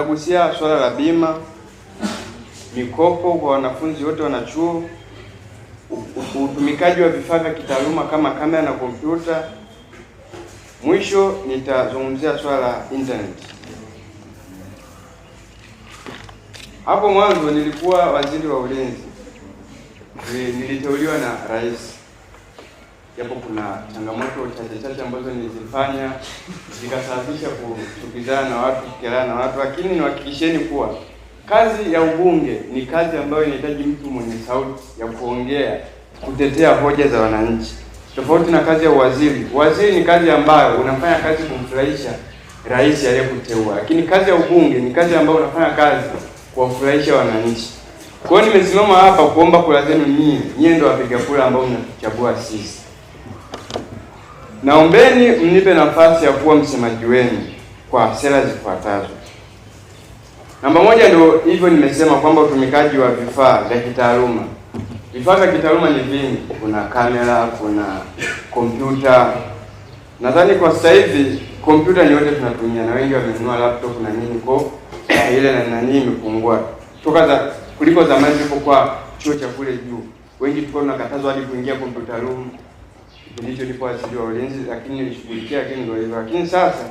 Nagusia swala la bima, mikopo kwa wanafunzi wote wana chuo utumikaji wa vifaa vya kitaaluma kama kamera na kompyuta. Mwisho nitazungumzia swala la internet. Hapo mwanzo nilikuwa waziri wa ulinzi, niliteuliwa na rais japo kuna changamoto chache chache ambazo nilizifanya zikasababisha kuchukizana na watu kukerana na watu, lakini niwahakikisheni kuwa kazi ya ubunge ni kazi ambayo inahitaji mtu mwenye sauti ya kuongea, kutetea hoja za wananchi, tofauti na kazi ya uwaziri. waziri ni kazi ambayo unafanya kazi kumfurahisha rais aliyekuteua, lakini kazi ya ubunge ni kazi ambayo unafanya kazi kuwafurahisha wananchi. Kwa hiyo nimesimama hapa kuomba kura zenu nyinyi, nyinyi ndio wapiga kura ambao mnatuchagua sisi naombeni mnipe nafasi ya kuwa msemaji wenu kwa sera zifuatazo. Namba moja, ndio hivyo nimesema kwamba utumikaji wa vifaa vya kitaaluma. Vifaa vya kitaaluma ni vingi, kuna kamera, kuna kompyuta. Nadhani kwa sasa hivi kompyuta ni yote tunatumia, na wengi wamenunua laptop na nini, kwa ile na nani imepungua toka za kuliko zamani tulipokuwa chuo cha kule juu, wengi tulikuwa tunakatazwa hadi kuingia kompyuta room kipindi hicho wa ulinzi, lakini nilishughulikia, lakini ndio hivyo. Lakini sasa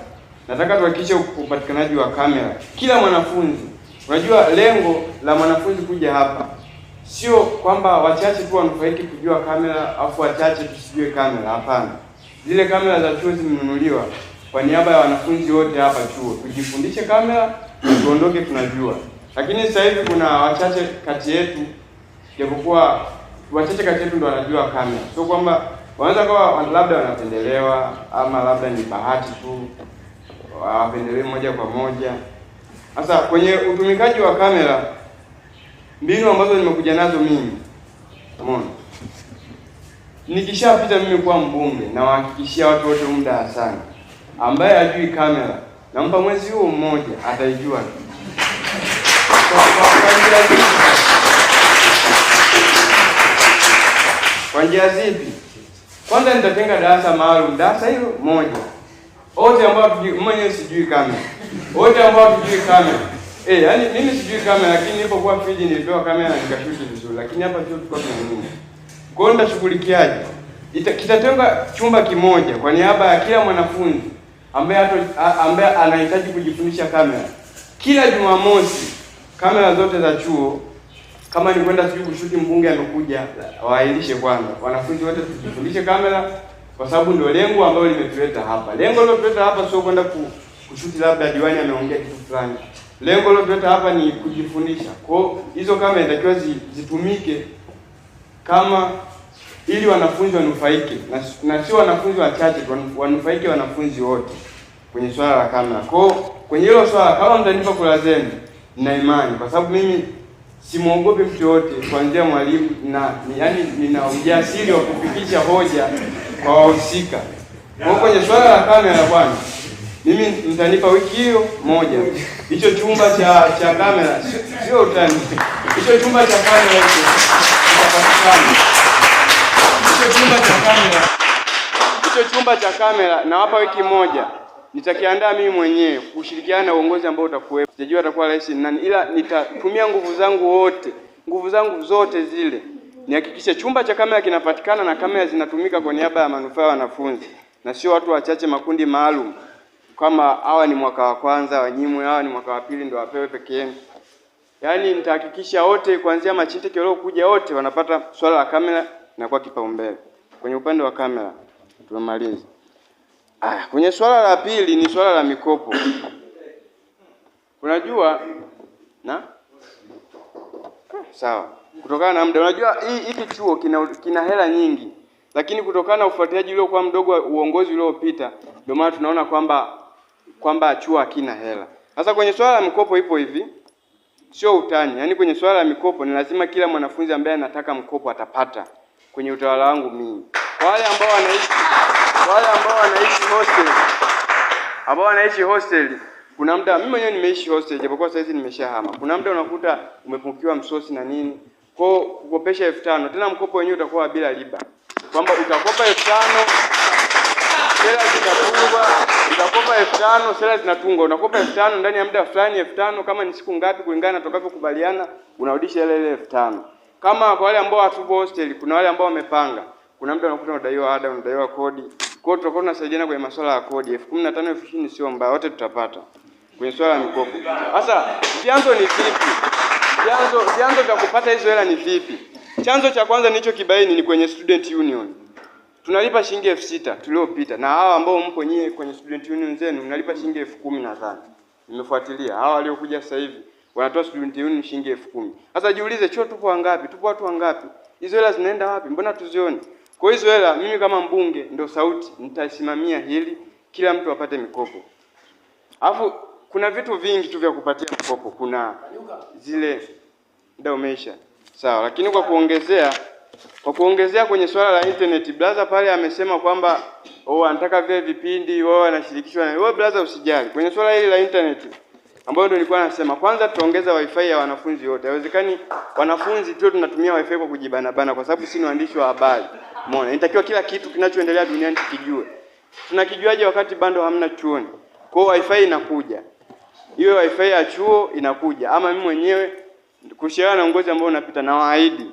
nataka tuhakikishe upatikanaji wa kamera kila mwanafunzi. Unajua, lengo la mwanafunzi kuja hapa sio kwamba wachache tu wanufaiki kujua kamera afu wachache tusijue kamera. Hapana, zile kamera za chuo zimenunuliwa kwa niaba ya wanafunzi wote hapa chuo, tujifundishe kamera tuondoke tunajua. Lakini sasa hivi kuna wachache kati yetu, japokuwa wachache kati yetu ndo wanajua kamera, sio kwamba wanaweza kuwa labda wanapendelewa ama labda ni bahati tu hawapendelewi moja kwa moja. Sasa kwenye utumikaji wa kamera, mbinu ambazo nimekuja nazo mimi, umeona, nikishapita mimi kuwa mbunge, nawahakikishia watu wote muda sana, ambaye ajui kamera nampa mwezi huo mmoja, ataijua kwa njia zipi? Kwanza nitatenga darasa maalum, darasa hilo moja, wote ambao tujui mwenye sijui kamera, wote ambao tujui kamera eh, yani mimi sijui kamera, lakini kwa fridge, nilipewa kamera na nikashuti vizuri, lakini hapa sio tulikuwa tunanunia. Kwa nini tashughulikiaje? Kitatenga chumba kimoja kwa niaba ya kila mwanafunzi ambaye ambaye anahitaji kujifundisha kamera. Kila Jumamosi kamera zote za chuo kama ni kwenda sijui kushuti mbunge amekuja, waahirishe kwanza. Wanafunzi wote tujifundishe kamera, kwa sababu ndio lengo ambalo limetuleta hapa. Lengo lilotuleta hapa sio kwenda ku, kushuti labda diwani ameongea kitu fulani. Lengo lilotuleta hapa ni kujifundisha. Kwa hizo kamera inatakiwa zitumike kama ili wanafunzi wanufaike na, na sio wanafunzi wachache wanufaike wanafunzi wote kwenye swala la kamera. Kwa kwenye hilo swala, kama mtanipa kura zenu, nina imani kwa sababu mimi simwogopi mtu yoyote, kuanzia mwalimu na yaani, nina ujasiri wa kufikisha hoja kwa wahusika. Kwa kwenye swala la kamera bwana, mimi nitanipa wiki hiyo moja, hicho chumba cha cha kamera, sio utani, hicho chumba cha kamera hicho kitapatikana, hicho chumba cha kamera, hicho chumba cha kamera nawapa wiki moja nitakiandaa mimi mwenyewe kushirikiana na uongozi ambao utakuwepo. Sijajua atakuwa rais ni nani, ila nitatumia nguvu zangu wote, nguvu zangu zote zile nihakikishe chumba cha kamera kinapatikana na kamera zinatumika kwa niaba ya manufaa ya wanafunzi na sio watu wachache, makundi maalum kama hawa ni mwaka wa kwanza wanyimwe, hawa ni mwaka wa pili ndio wapewe peke yake. Yaani nitahakikisha wote kuanzia machinteke waliokuja wote wanapata swala la kamera na kwa kipaumbele kwenye upande wa kamera. Tumemaliza. Aya, kwenye swala la pili ni swala la mikopo. Unajua na sawa, kutokana na muda, unajua hii hiki chuo kina kina hela nyingi, lakini kutokana na ufuatiliaji uliokuwa mdogo wa uongozi uliopita, ndio maana tunaona kwamba kwamba chuo hakina hela. Sasa kwenye swala la mikopo ipo hivi, sio utani, yaani kwenye swala la mikopo ni lazima kila mwanafunzi ambaye anataka mkopo atapata kwenye utawala wangu mimi, kwa wale ambao wanaishi wale ambao wanaishi hostel, ambao wanaishi hostel, kuna muda mimi mwenyewe nimeishi hostel, japokuwa sasa hizi nimeshahama. Kuna muda unakuta umepungukiwa msosi na nini, kwa kukopesha elfu tano tena mkopo wenyewe utakuwa bila riba, kwamba utakopa elfu tano sera zinatungwa, utakopa elfu tano sera zinatungwa, unakopa elfu tano ndani ya muda fulani, elfu tano kama ni siku ngapi, kulingana tutakavyokubaliana, unarudisha ile ile elfu tano Kama kwa wale ambao hatupo hostel, kuna wale ambao wamepanga, kuna mtu anakuta unadaiwa ada, unadaiwa kodi. Kwa hiyo tutakuwa tunasaidiana kwenye masuala ya kodi. elfu kumi na tano elfu ishirini sio mbaya, wote tutapata kwenye swala ya mikopo. Sasa vyanzo ni vipi? Vyanzo vyanzo vya kupata hizo hela ni vipi? Chanzo cha kwanza nilicho kibaini ni kwenye student union. Tunalipa shilingi elfu sita tuliopita, na hawa ambao mpo nyie kwenye student union zenu mnalipa shilingi elfu kumi nadhani nimefuatilia hawa waliokuja sasa hivi wanatoa student union shilingi elfu kumi. Sasa jiulize, chuo tupo wangapi? Tupo watu wangapi? Hizo hela zinaenda wapi? Mbona tuzioni? Kwa hizo hela mimi kama mbunge ndo sauti nitasimamia hili, kila mtu apate mikopo. Alafu kuna vitu vingi tu vya kupatia mkopo, kuna zile ndio umeisha sawa, lakini kwa kuongezea kwa kuongezea kwenye swala la internet blaza pale amesema kwamba oh, anataka vile vipindi wao wanashirikishwa na wewe blaza, usijali kwenye swala hili la internet ambayo ndio nilikuwa nasema, kwanza tuongeza wifi ya wanafunzi wote. Haiwezekani wanafunzi tu tunatumia wifi kwa kujibanabana, kwa sababu si ni waandishi wa habari. Umeona, inatakiwa kila kitu kinachoendelea duniani tukijue. Tunakijuaje wakati bado hamna chuoni? Kwa hiyo wifi inakuja, hiyo wifi ya chuo inakuja, ama mimi mwenyewe kushirikiana na uongozi ambao unapita, na waahidi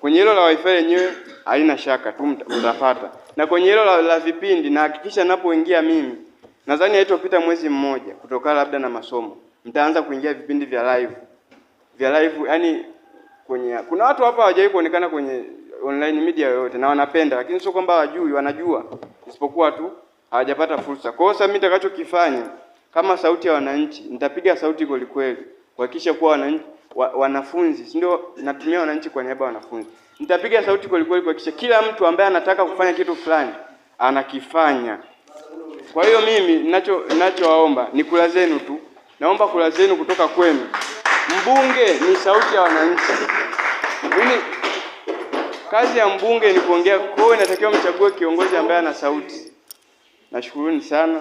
kwenye hilo la wifi yenyewe haina shaka tu utapata, na kwenye hilo la, la vipindi nahakikisha napoingia mimi, nadhani haitopita mwezi mmoja kutokana labda na masomo mtaanza kuingia vipindi vya live vya live, yani kwenye kuna watu hapa hawajawahi kuonekana kwenye online media yoyote, na wanapenda, lakini sio kwamba hawajui, wanajua, isipokuwa tu hawajapata fursa. Kwa hiyo sasa mimi nitakachokifanya kama sauti ya wananchi, nitapiga sauti kweli kweli kuhakikisha kuwa wananchi wa, wanafunzi si ndio, natumia wananchi kwa niaba ya wanafunzi. Nitapiga sauti kweli kweli kuhakikisha kila mtu ambaye anataka kufanya kitu fulani anakifanya. Kwa hiyo mimi ninacho ninachowaomba ni kula zenu tu Naomba kura zenu kutoka kwenu. Mbunge ni sauti ya wananchi. Mimi kazi ya mbunge ni kuongea, kwa hiyo inatakiwa mchague kiongozi ambaye ana sauti. Nashukuruni sana.